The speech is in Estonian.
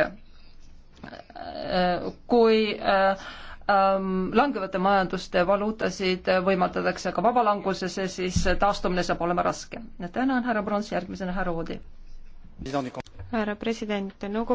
ette, äh, kui äh, ähm, langevate majanduste valuutasid võimaldatakse ka vabalangusesse, siis taastumine saab olema raske. tänan, härra Brons, järgmisena härra Oodi. härra president, nõukogu